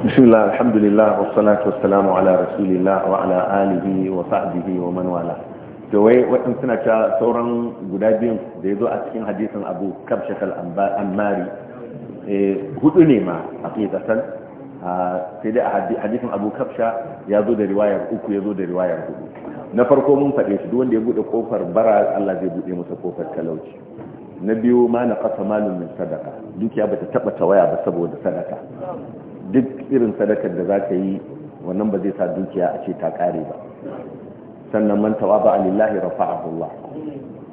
بسم الله الحمد لله والصلاة والسلام على رسول الله وعلى آله وصحبه ومن والاه to wai waɗansu ta sauran guda biyun da ya zo a cikin hadisin abu kabshat al-ammari eh, hudu ne ma a ah, sai dai a hadisin abu kabsha ya zo da riwayar uku ya zo da riwayar hudu na farko mun faɗe shi duk ya buɗe kofar bara Allah zai buɗe masa kofar talauci na biyu ma na kasa malum sadaka dukiya bata taɓa waya ba saboda sadaka duk irin sadakar da za ka yi wannan ba zai sa dukiya a ce ta kare ba sannan mantawa ba alillahi rafa'ahu Allah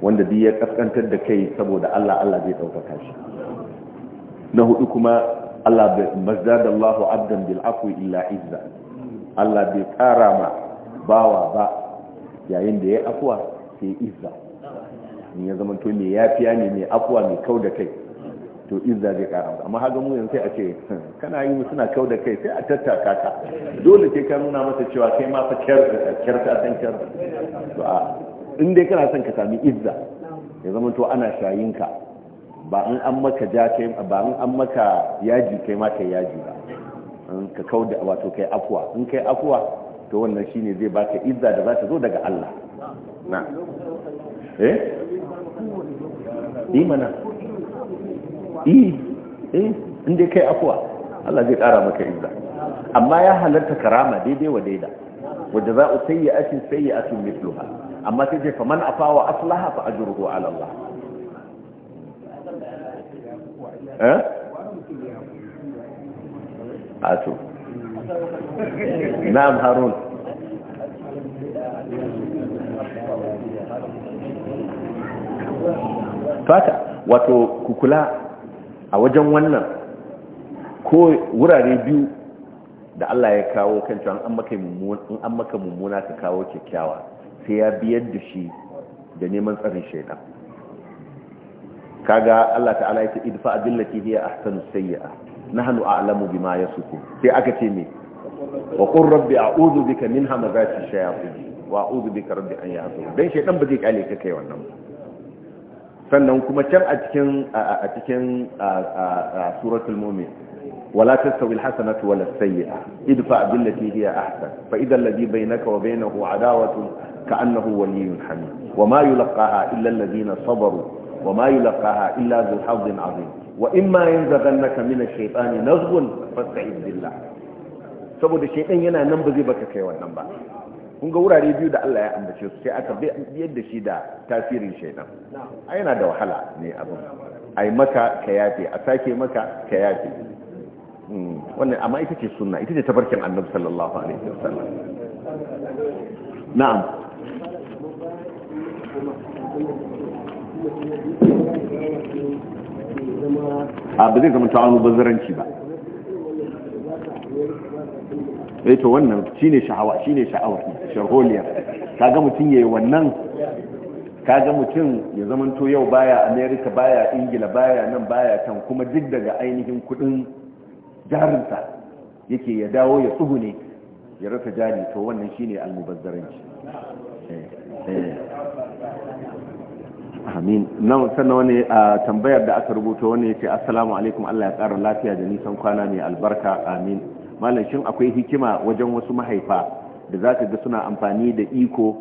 wanda duk ya kaskantar da kai saboda Allah Allah zai ɗaukaka shi na hudu kuma Allah mazdadallahu abdan bil afwi illa izza Allah bai ƙara ma bawa ba yayin da ya afwa sai izza in ya zama to ne yafiya ne mai afwa mai kau da kai to izza zai kara amma haga mu yanzu sai a ce hmm, kana yi suna kau da kai sai a tattaka ka dole sai ka nuna masa cewa kai ma fa kyar ta san kyar to a in dai kana son ka sami izza ya zama to ana shayin ka ba in an maka ja kai ba in an maka yaji kai ma kai yaji ba ka kau da wato kai afwa in kai afwa to wannan shine zai baka izza da za ta zo daga Allah na eh imana eh eh inda kai afuwa Allah zai kara maka izza amma ya halarta karama daidai wa daida wadda za a sayi ashin sayi ashin mitluha amma sai dai faman afa wa aslaha fa ajruhu ala Allah eh ato ah, na'am harun fata wato kukula a wajen wannan ko wurare biyu da Allah ya kawo kan cewa in an maka mummuna ka kawo kyakkyawa sai ya biyar da shi da neman tsarin shaidan kaga Allah ta'ala ya ce idfa billati hiya ahsanu sayyi'a nahnu a'lamu bima yasuku sai aka ce me wa qur rabbi a'udhu bika min hamazati shayatin wa a'udhu bika rabbi an yahdurun dan shaidan ba zai kale ka kai wannan ba sannan kuma can a cikin a cikin suratul mu'min wala tastawi alhasanatu wala sayyi'a idfa billati hiya ahsan fa idha alladhi baynaka wa baynahu adawatun ka'annahu waliyyun hamim wama yulqaha illa alladhina sabaru Wa wama yulqaha illa dhu hazzin 'azim wa imma yanzaghannaka min ash-shaytani nazghun fasta'iz billah saboda shaytan yana nan ba zai baka kai wannan ba kun ga wurare biyu da Allah ya ambace su sai aka biyar da shi da tasirin shaidan a yana da wahala ne abin a yi maka ka yafe a sake maka ka yafe hmm. wannan amma ita ce sunna ita ce tabarkin annabi sallallahu alaihi wasallam na'am a ba zai zama ta'amu bazaranci ba Eh, to wannan shine sha'awa shine sha'awar sharholiya kaga mutum yayi wannan kaga mutum ya zamanto yau baya America baya Ingila baya nan baya kan kuma duk daga ainihin kudin jarinsa yake ya dawo ya tsugune ya rasa jari to wannan shine almubazzaranci eh, eh. amin nan sannan wani a tambayar da aka rubuta wani ya ce assalamu alaikum Allah ya kara lafiya da nisan kwana mai albarka amin malashin akwai hikima wajen wasu mahaifa da za ka ga suna amfani da iko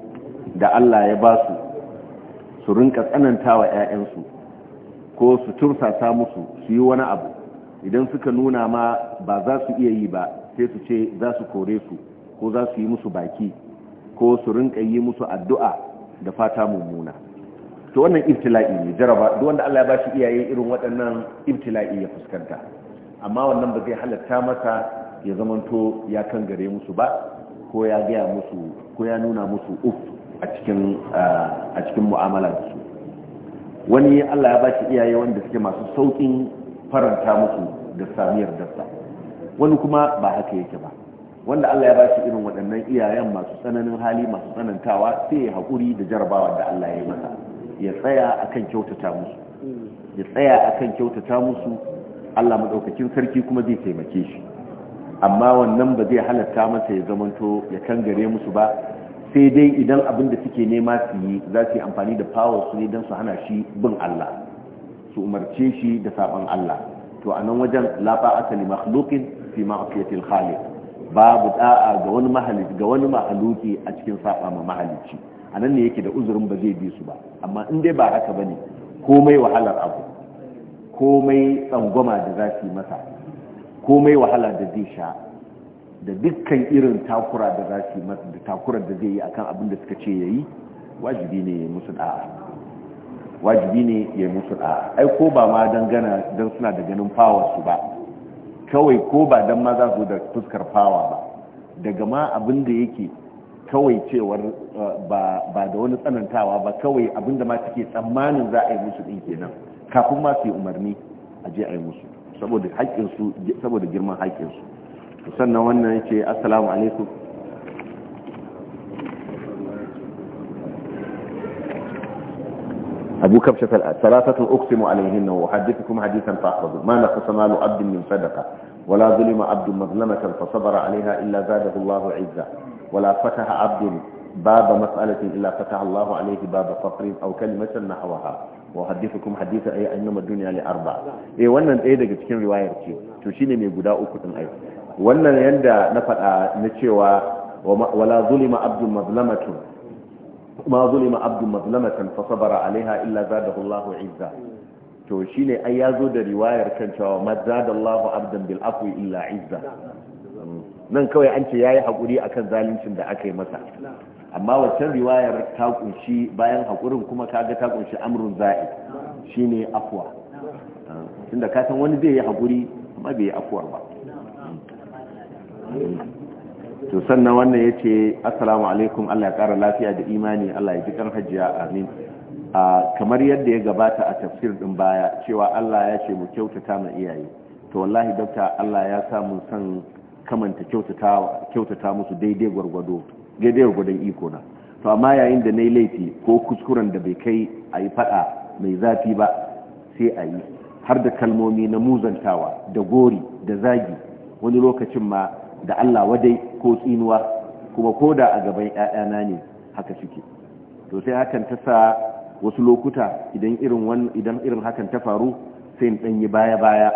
da Allah ya ba su su rinka tsananta wa 'ya'yansu ko su tursasa musu su yi wani abu idan suka nuna ma ba za su iya yi ba sai su ce za su kore su ko za su yi musu baki ko su rinka yi musu addu'a da fata mummuna to wannan ibtila'i ne jaraba duk wanda Allah ya ba shi iyaye irin waɗannan ibtila'i ya fuskanta amma wannan ba zai halatta masa ya zamanto ya kan gare musu ba ko ya gaya musu ko ya nuna musu uf a cikin cikin mu'amala da su wani Allah ya bashi iyaye wanda suke masu saukin faranta musu da samiyar dasa wani kuma ba haka yake ba wanda Allah ya bashi irin waɗannan iyayen masu tsananin hali masu tsanantawa sai ya haƙuri da jarabawa da Allah ya yi masa ya tsaya akan kyautata musu ya tsaya akan kyautata musu Allah madaukakin sarki kuma zai taimake shi amma wannan ba zai halatta masa ya zamanto ya kangare musu ba sai dai idan abin da suke nema su yi za su yi amfani da power su ne don su hana shi bin Allah su umarce shi da saban Allah to a nan wajen lafa asali li makhluqin fi ma'siyatil khalid babu da'a ga wani mahalici ga wani mahaluki a cikin saba ma mahalici a nan ne yake da uzurin ba zai bi su ba amma in dai ba haka bane komai wahalar abu komai tsangwama da za su yi masa komai wahala da zai sha da dukkan irin takura da za su da takurar da zai yi akan abin da suka ce ya yi wajibi ne ya musu da'a wajibi ne ya musu da'a ai ko ba ma don gana don suna da ganin fawa su ba kawai ko ba don ma za su da fuskar fawa ba daga ma abin da yake kawai cewar uh, ba da wani tsanantawa ba kawai abin da ma suke tsammanin za a yi musu ɗin kenan kafin ma su yi umarni a je a yi musu saboda haƙƙinsu saboda girman haƙƙinsu sannan wannan ya ce assalamu alaikum أبو كبشة الآن ثلاثة أقسم عليهن وأحدثكم حديثا فأحفظوا ما نقص مال عبد من صدقة ولا ظلم عبد مظلمة فصبر عليها إلا زاده الله عزا ولا فتح عبد باب مسألة إلا فتح الله عليه باب فقر أو كلمة نحوها وحديثكم حديث أي أنما الدنيا لأربع إيه وانا إيه دقيت كم رواية كي تشيني من قداء أكتن أي وانا يندى نتشي و ولا ظلم عبد مظلمة ما ظلم عبد مظلمة فصبر عليها إلا زاده الله عزة to shi ne ai yazo da riwayar kan cewa mazadallahu abdan bil afwi illa izza nan kawai an ce yayi hakuri akan zaluncin da aka yi masa amma wacan riwayar ta kunshi bayan haƙurin kuma kaga ta kunshi amrun za'i shine afwa tunda ka san wani zai yi haƙuri amma bai yi afwar ba to sannan wannan ya ce assalamu alaikum Allah ya kara lafiya da imani Allah ya ji kan hajjiya amin kamar yadda ya gabata a tafsir din baya cewa Allah ya ce mu kyautata ma iyaye to wallahi dokta Allah ya sa mun san kamanta kyautata musu daidai gwargwado daidai gwadon iko na to amma yayin da na yi laifi ko kuskuren da bai kai a yi faɗa mai zafi ba sai a yi har da kalmomi na muzantawa da gori da zagi wani lokacin ma da allah wadai ko tsinuwa kuma ko da a gaban 'ya'yana ne haka suke to sai hakan ta sa wasu lokuta idan irin idan irin hakan ta faru sai in ɗanyi baya-baya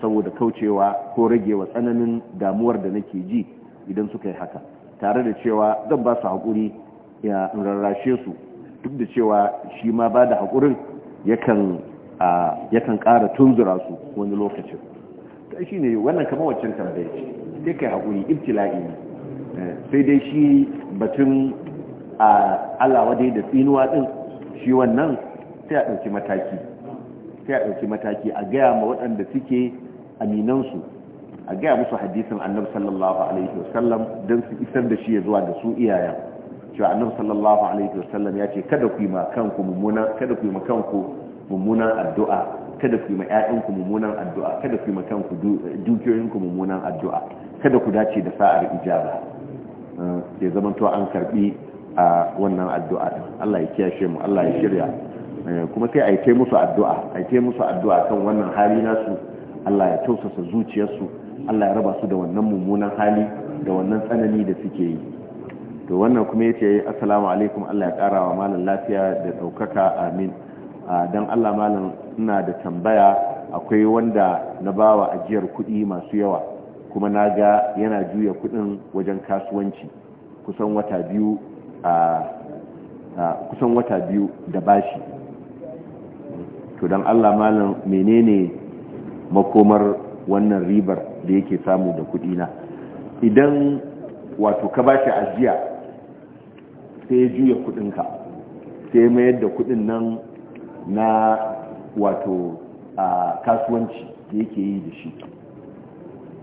saboda kaucewa ko ragewa tsananin damuwar da nake ji idan suka yi haka tare da cewa zan ba su haƙuri ya rarrashe su duk da cewa shi ma ba da haƙurin yakan ƙara tunzura su wani lokacin ta shi ne wannan kama waccan tambaye ce sai kai haƙuri ibtila'i ne eh, sai dai shi batun alawa dai da tsinuwa ɗin shi wannan sai a ɗauki mataki sai a ɗauki mataki a gaya ma waɗanda suke aminansu a gaya musu hadisin annabi sallallahu alaihi wasallam don su isar da shi ya zuwa da su iyayen cewa annabi sallallahu alaihi wasallam ya ce kada ku yi ma kanku mummuna kada ku yi ma kanku mummunan addu'a kada ku yi ma ƴaƴanku mummunan addu'a kada ku yi ma kanku dukiyoyinku mummunan addu'a kada ku dace da sa'ar ijaba eh, sai zaman to an karbi a wannan addu'a din Allah ya kiyashe mu Allah ya shirya eh, kuma sai a yi musu addu'a a yi musu addu'a kan wannan hali nasu Allah ya tausasa zuciyarsu Allah ya raba su da wannan mummunan hali da wannan tsanani da suke yi to wannan kuma yace assalamu alaikum Allah ya kara wa malam lafiya da daukaka amin dan Allah malam ina da tambaya akwai wanda na bawa ajiyar kuɗi masu yawa kuma na yana juya kuɗin wajen kasuwanci kusan wata biyu kusan wata biyu da bashi to don allah malam menene makomar wannan ribar da yake samu da kuɗi na idan wato ka bashi shi ajiya sai ya juya kudinka sai mayar da kuɗin nan na wato a kasuwanci da yake yi da shi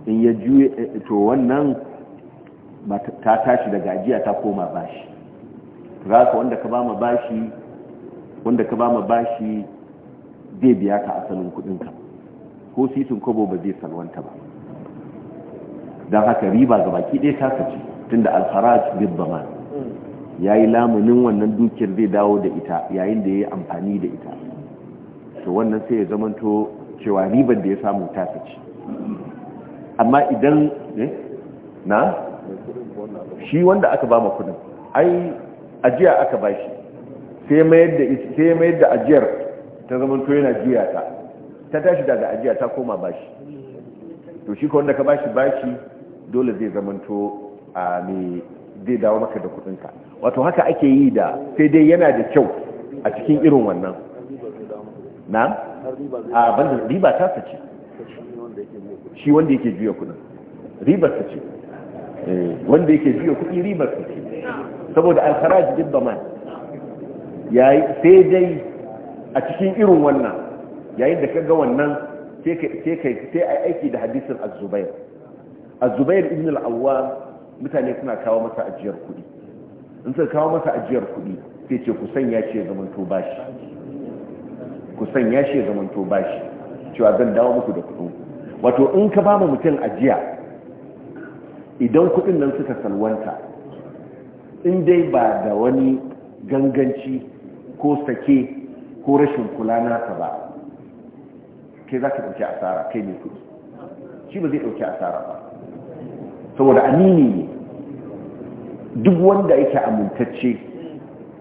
in ya juya to wannan ta tashi daga ajiya ta koma bashi za ka wanda ka ba bashi wanda ka ba ma bashi zai biya ka asalin kudinka ko sisin kobo ba zai salwanta ba don haka riba ga baki ɗaya ta sace tunda alfaraj bidbaman ya yi lamunin wannan dukiyar zai dawo da ita yayin da ya yi amfani da ita to wannan sai ya zamanto cewa ribar da ya samu ta sace amma idan eh, na shi wanda aka ba ma kudin ai ajiya aka ba shi sai mayar da ajiyar ta zamanto yana jiya ta ta tashi daga ajiya ta koma ba shi to shi ka wanda ka ba shi ba shi dole zai zamanto a mai zai dawo maka da kudinka wato haka ake yi da sai dai yana da kyau a cikin irin wannan na a banda riba ta sace shi wanda yake juya kudin ribar ta ce eh, wanda yake juya kudi ribar ta ce saboda alfaraj dibbaman yayi sai dai a cikin irin wannan yayin da kaga wannan sai ka sai aiki da hadisin az-zubair a zubair ibn al'awwa mutane suna kawo masa ajiyar kuɗi in suka kawo masa ajiyar kuɗi sai ce ku sanya shi ya to bashi ku sanya shi ya to bashi cewa zan dawo muku da kuɗin wato in ka ba mu mutum ajiya idan kuɗin nan suka salwanta in dai ba da wani ganganci ko sake ko rashin kula nasa ba kai za ka ɗauki asara kai ne kuɗi shi ba zai ɗauki asara ba saboda amini ne duk wanda yake amintacce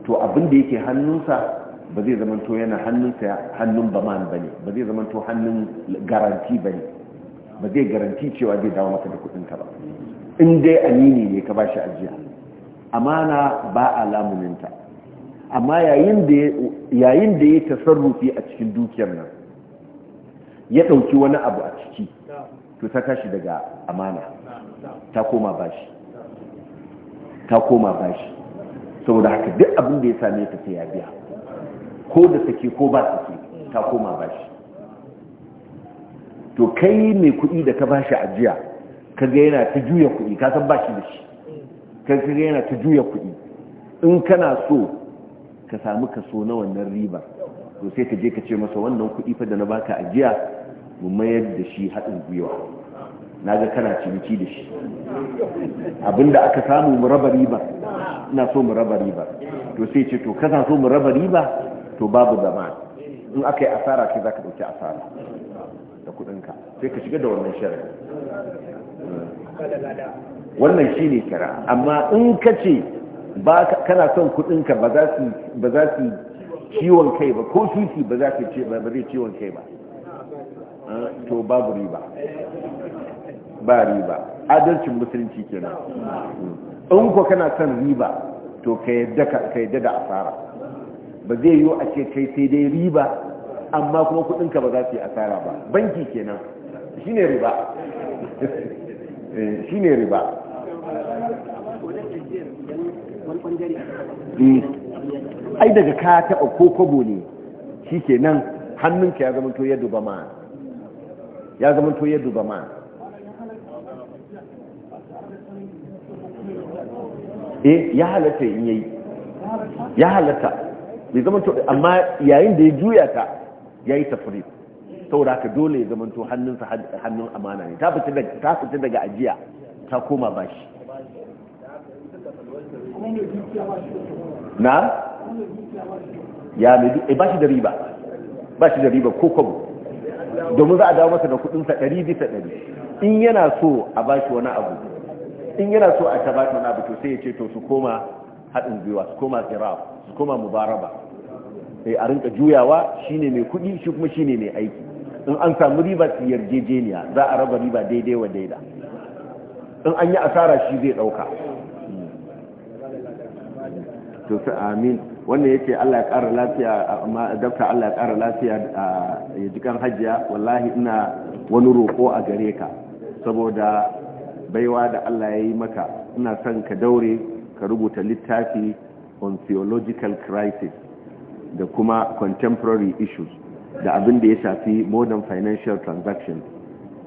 to abin da yake hannunsa ba zai to yana hannunsa hannun baman ba ne ba zai zama to hannun garanti ba ne ba zai garanti cewa zai dawo maka da ka ba in dai amini ne ka bashi ajiya amana ba a lamuninta amma yayin da ya tasarrufi a cikin dukiyar nan ya dauki wani abu a ciki to ta tashi daga amana ta koma bashi ta koma bashi saboda haka duk abin da ya same ta sai ya biya ko da take ko ba take ta koma bashi to kai mai kuɗi da ka bashi ajiya kaga yana ta juya kuɗi ka san bashi da shi kaga yana ta juya kuɗi in kana so ka samu kaso na wannan ribar to sai ka je ka ce masa wannan kuɗi fa da na baka ajiya mu mayar da shi haɗin gwiwa na ga kana ciniki da shi abinda aka samu mu raba riba ina so mu raba riba to sai ce to kasa so mu raba riba to babu zama in aka yi asara kai za ka ɗauki asara da kuɗinka sai ka shiga da wannan shari'a wannan shi ne kira amma in ka ce kana son kuɗinka ba za su ciwon kai ba ko su ba za su ce ba zai ciwon kai ba eh, to babu riba ba riba adalcin musulunci kenan in ko kana son riba to ka yadda da asara ba zai yiwu a ce kai sai dai riba amma kuma ka ba za su yi asara ba banki kenan shine riba eh, shine riba eh, ai daga ka taɓa ko kobo ne shi kenan hannunka ya zama to ya duba ma ya zama to ya duba ma eh ya halatta in yayi ya halatta bai zama to amma yayin da ya juya ta yayi tafrid saboda ka dole ya zama to hannunsa hannun amana ne ta fita daga ta fita daga ajiya ta koma bashi na ya mai eh, bashi da riba bashi da riba ko kwabo domin za a dawo masa da kudinsa ɗari bisa ɗari in yana so a ba shi wani abu in yana so a ta ba shi wani abu to sai ya ce to su koma haɗin gwiwa su koma tsiraf su koma mubaraba sai eh, a rinka juyawa shine mai kuɗi shi kuma shine mai aiki in an samu riba su yarjejeniya za a raba riba daidai wa daida in an yi asara shi zai ɗauka hmm. to sai amin wannan yake Allah ya ƙara lafiya amma dafta Allah ya ƙara lafiya a yajikan hajjiya wallahi ina wani roƙo a gare ka saboda baiwa da Allah ya yi maka ina son ka daure ka rubuta littafi on theological crisis da kuma contemporary issues da abin da ya shafi modern financial transactions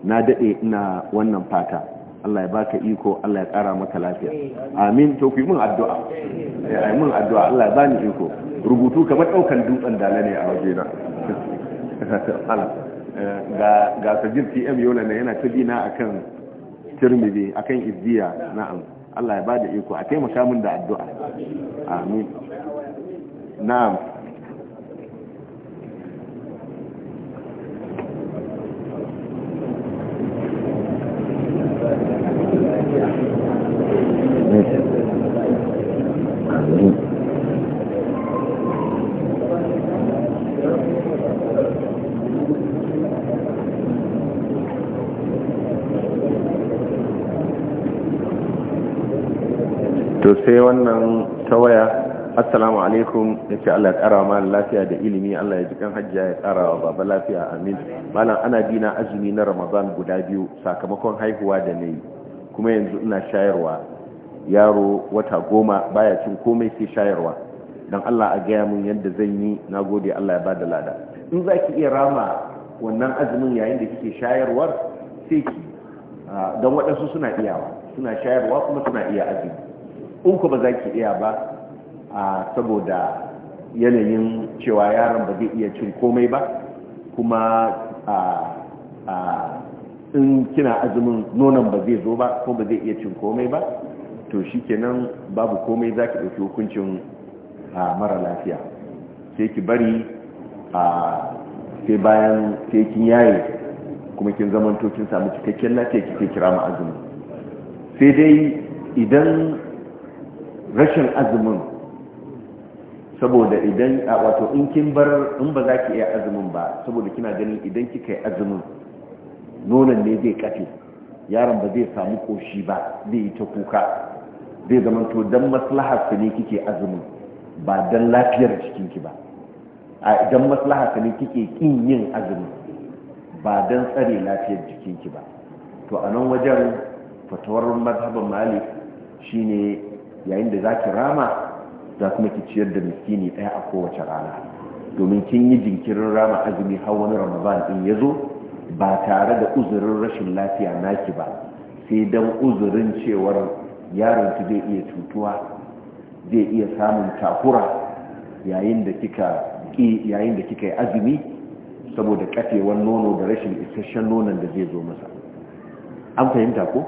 na daɗe ina wannan fata Allah ya baka iko Allah ya kara maka lafiya amin to ku yi mun addu'a ai mun addu'a Allah ya bani iko rubutu kamar daukan dutsen dala ne a waje na ga ga sajir TM yola ne yana na akan Tirmidhi akan Izziya na'am Allah ya bada iko a taimaka min da addu'a amin na'am sai wannan ta waya assalamu alaikum ya Allah ya ƙara ma lafiya da ilimi Allah ya ji kan hajjiya ya ƙara wa baba lafiya amin malam ana bina azumi na ramadan guda biyu sakamakon haihuwa da na yi kuma yanzu ina shayarwa yaro wata goma baya cin komai sai shayarwa don Allah a gaya mun yadda zan yi na gode Allah ya bada lada in za ki iya rama wannan azumin yayin da kike shayarwar sai ki ah, don waɗansu suna iyawa suna shayarwa kuma suna iya azumi in ku ba za ki iya ba a saboda yanayin cewa yaron ba zai iya cin komai ba kuma a in kina azumin nonon ba zai zo ba ko ba zai iya cin komai ba to shi kenan babu komai za ki ɗauki hukuncin mara lafiya sai ki bari a sai bayan sai kin yaye kuma kin zamanto kin samu cikakken lafiya kike kira ma azumi sai dai idan rashin azumin saboda idan a wato in kin bar in ba za ki iya azumin ba saboda kina ganin idan kika yi azumin nonon ne zai kafe yaron ba zai samu koshi ba zai yi ta kuka zai zama to don maslahar ne kike azumin ba don lafiyar jikinki ba a idan maslahar ne kike kin yin azumin ba don tsare lafiyar ki ba to a nan wajen fatawar mazhabin malik shine yayin da za ki rama za kuma ki ciyar da miskini ɗaya a kowace rana domin kin yi jinkirin rama azumi har wani ramadan in ya zo ba tare da uzurin rashin lafiya naki ba sai don uzurin cewar yaron ki zai iya cutuwa zai iya samun takura yayin da kika yayin da kika yi azumi saboda kafewar nono da rashin isasshen nonon da zai zo masa an fahimta ko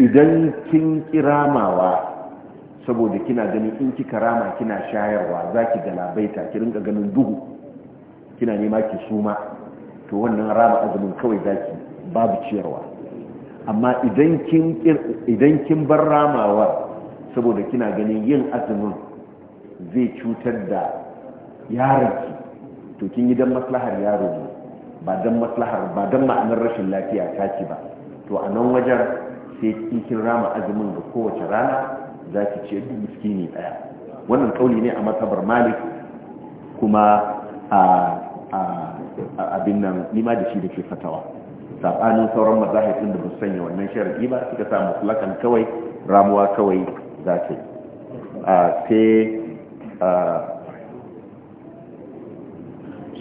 idan kin kiramawa saboda kina ganin in kika rama kina shayarwa za ki galabaita ki rinka ganin duhu kina nema ki suma to wannan rama azumin kawai za ki babu ciyarwa amma idan kin bar ramawa saboda kina ganin yin azumin zai cutar da ki to kin yi don maslahar yaro ne ba don ma'anar rashin lafiya ta ki ba to a nan wajen sai in kin rama azumin ga kowace rana za ki ce duk miskini daya wannan kauli ne a matabar malik kuma a abin nan nima da shi da ke fatawa sabanin sauran mazahibin da ba sanya wannan sharadi ba suka sa mutlakan kawai ramuwa kawai za ta yi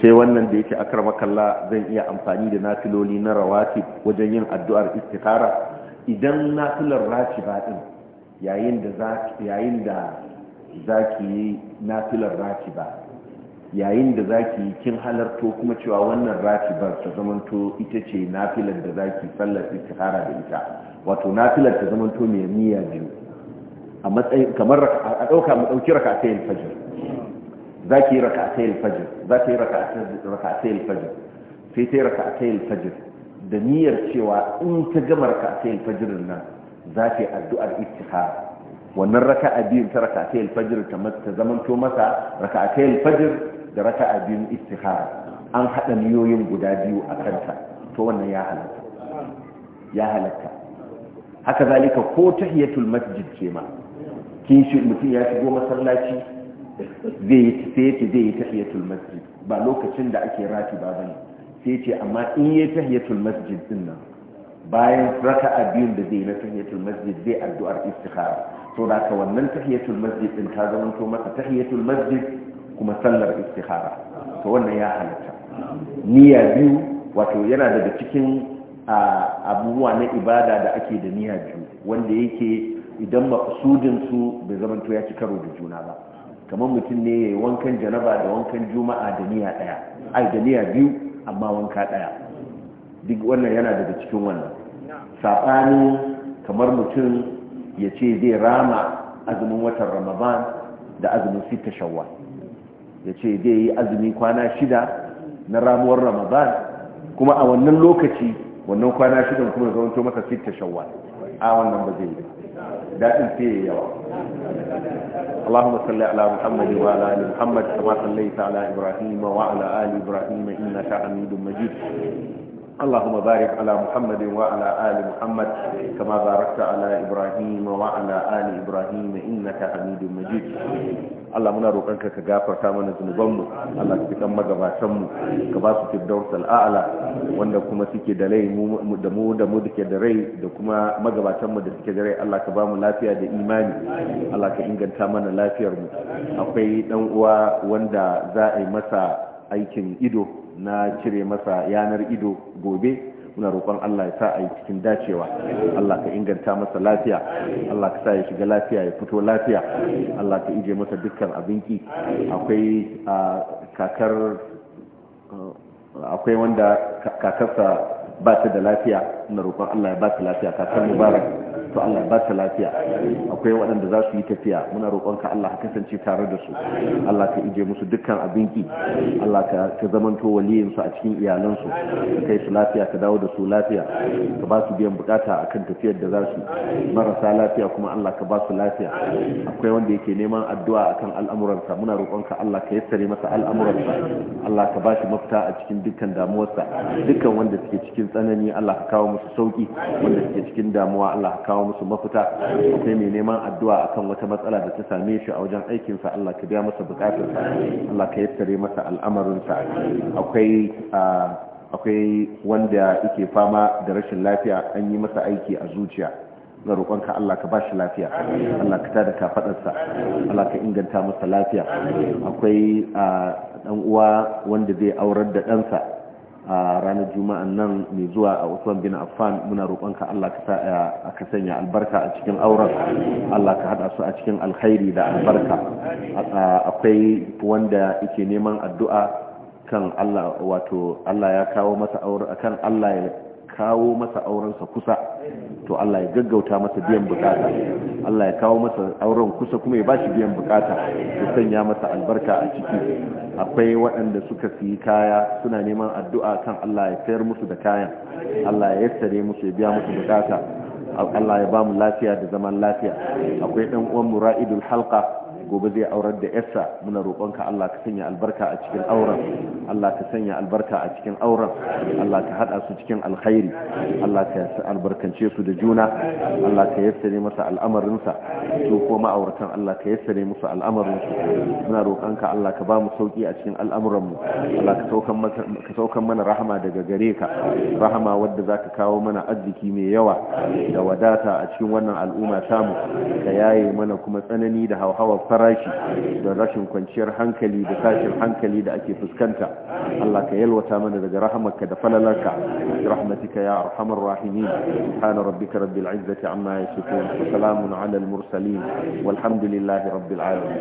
sai wannan da yake akar makalla zan iya amfani da nafiloli na rawatib wajen yin addu'ar istikara idan nafilar rakiba din yayin da za yayin da zaki yi nafilar ba, yayin da ki yi kin halarto kuma cewa wannan raci ba ta zamanto ita ce nafilar da za zaki sallar istihara da ita wato nafilar ta zamanto mai niyya biyu a matsayin kamar a ɗauka mu dauki rak'atayn za ki yi raka ta yi fajr sai ta yi raka ta yi fajr da niyyar cewa in ta gama raka'atayil fajirin nan za ta yi addu'ar istikhara wannan raka'a biyun ta raka'atayil fajir ta ta to masa raka'atayil fajir da raka'a biyun istikhara an haɗa niyoyin guda biyu a kanta to wannan ya halatta ya halatta haka zalika ko tahiyatul masjid ce ma kin shi mutum ya shigo masallaci zai yi zai yi tahiyatul masjid ba lokacin da ake rati ba bane sai ce amma in yi tahiyatul masjid din nan bayan raka'a biyun da zai na tahiyatul masjid zai addu'ar istikhara to da ka wannan tahiyatul masjid din ta zama to masa tahiyatul masjid kuma sallar istikhara to wannan ya halatta niyya biyu wato yana daga cikin abubuwa na ibada da ake da niyya biyu wanda yake idan maqsudin su bai zama to ya ci karo da juna ba kamar mutum ne yayi wankan janaba da wankan juma'a da niyya daya ai da niyya biyu amma wanka ɗaya duk wannan yana daga cikin wannan saɓani kamar mutum ya ce zai rama azumin watan ramadan da azumin sita shawwa ya ce zai yi azumi kwana shida na ramuwar ramadan kuma a wannan lokaci wannan kwana shidan kuma zaunto masa sita shawwa a wannan ba zai yi ba daɗin sai ya yawa اللهم صل على محمد وعلى ال محمد كما صليت على ابراهيم وعلى ال ابراهيم انك حميد مجيد اللهم بارك على محمد وعلى آل محمد كما باركت على إبراهيم وعلى آل إبراهيم إنك حميد مجيد Allah muna roƙonka ka gafarta mana zunubanmu Allah ka fitan magabatanmu ka ba su firdaus al'ala wanda kuma suke da rai da mu da mu da rai da kuma magabatanmu da suke da rai Allah ka ba mu lafiya da imani Allah ka inganta mana lafiyar mu akwai dan uwa wanda za a yi masa aikin ido na cire masa yanar ido gobe muna roƙon Allah ya sa a yi cikin dacewa Allah ka inganta masa lafiya Allah ka sa ya shiga lafiya ya fito lafiya Allah ka ije masa dukkan abinki akwai kakar akwai wanda kakarsa ba ta da lafiya suna roƙon Allah ya ba ta lafiya kakar mubarak to Allah ya ba ta lafiya akwai waɗanda za su yi tafiya muna roƙon ka Allah ka kasance tare da su Allah ka ije musu dukkan abinki Allah ka ka zamanto waliyin su a cikin iyalan su kai su lafiya ka dawo da su lafiya ka ba su biyan bukata akan tafiyar da za su marasa lafiya kuma Allah ka ba su lafiya akwai wanda yake neman addu'a akan al'amuransa muna roƙon ka Allah ka yassare masa al'amuransa Allah ka ba shi mafita a cikin dukkan damuwarsa dukkan wanda suke cikin tsanani Allah ka kawo musu musu sauki wanda suke cikin damuwa Allah kawo musu mafita sai mai neman addu'a akan wata matsala da ta same shi a wajen aikin sa Allah ka biya masa sa Allah ka yassare masa al'amarin sa akwai akwai wanda yake fama da rashin lafiya an yi masa aiki a zuciya na roƙonka Allah ka bashi lafiya Allah ka tada sa Allah ka inganta masa lafiya akwai dan uwa wanda zai aurar da ɗansa a ranar juma'a nan mai zuwa a Usman bin Affan muna roƙonka Allah ka eh, sanya albarka a cikin auren Allah ka hada su a cikin alkhairi da albarka akwai wanda yake neman addu'a kan Allah wato Allah ya kawo masa aure kan Allah ya kawo masa aurensa kusa to Allah ya gaggauta masa biyan bukata Allah ya kawo masa auren kusa kuma ya bashi biyan bukata ya sanya masa albarka a ciki akwai waɗanda suka siyi kaya suna neman addu'a kan Allah ya sayar musu da kayan Allah ya yassare musu ya biya musu bukata Allah ya ba mu lafiya da zaman lafiya akwai ɗan uwan mura'idul halqa gobe zai aurar da yarsa muna roƙonka Allah ka sanya albarka a cikin auren Allah ka sanya albarka a cikin auren Allah ka hada su cikin alkhairi Allah ka albarkance su da juna Allah ka yassare masa sa to ko ma'auratan Allah ka yassare musu su muna roƙonka Allah ka ba mu sauki a cikin al'amuran mu Allah ka saukan mana rahama daga gare ka rahama wadda zaka kawo mana arziki mai yawa da wadata a cikin wannan al'umma tamu ka yaye mana kuma tsanani da hauhawar rashi da rashin kwanciyar hankali da tashin hankali da ake fuskanta Allah ka yalwata mana daga rahamarka da falalarka rahmatika ya arhamar rahimin subhana rabbika rabbil izzati amma yasifun wa salamun ala al mursalin walhamdulillahi rabbil alamin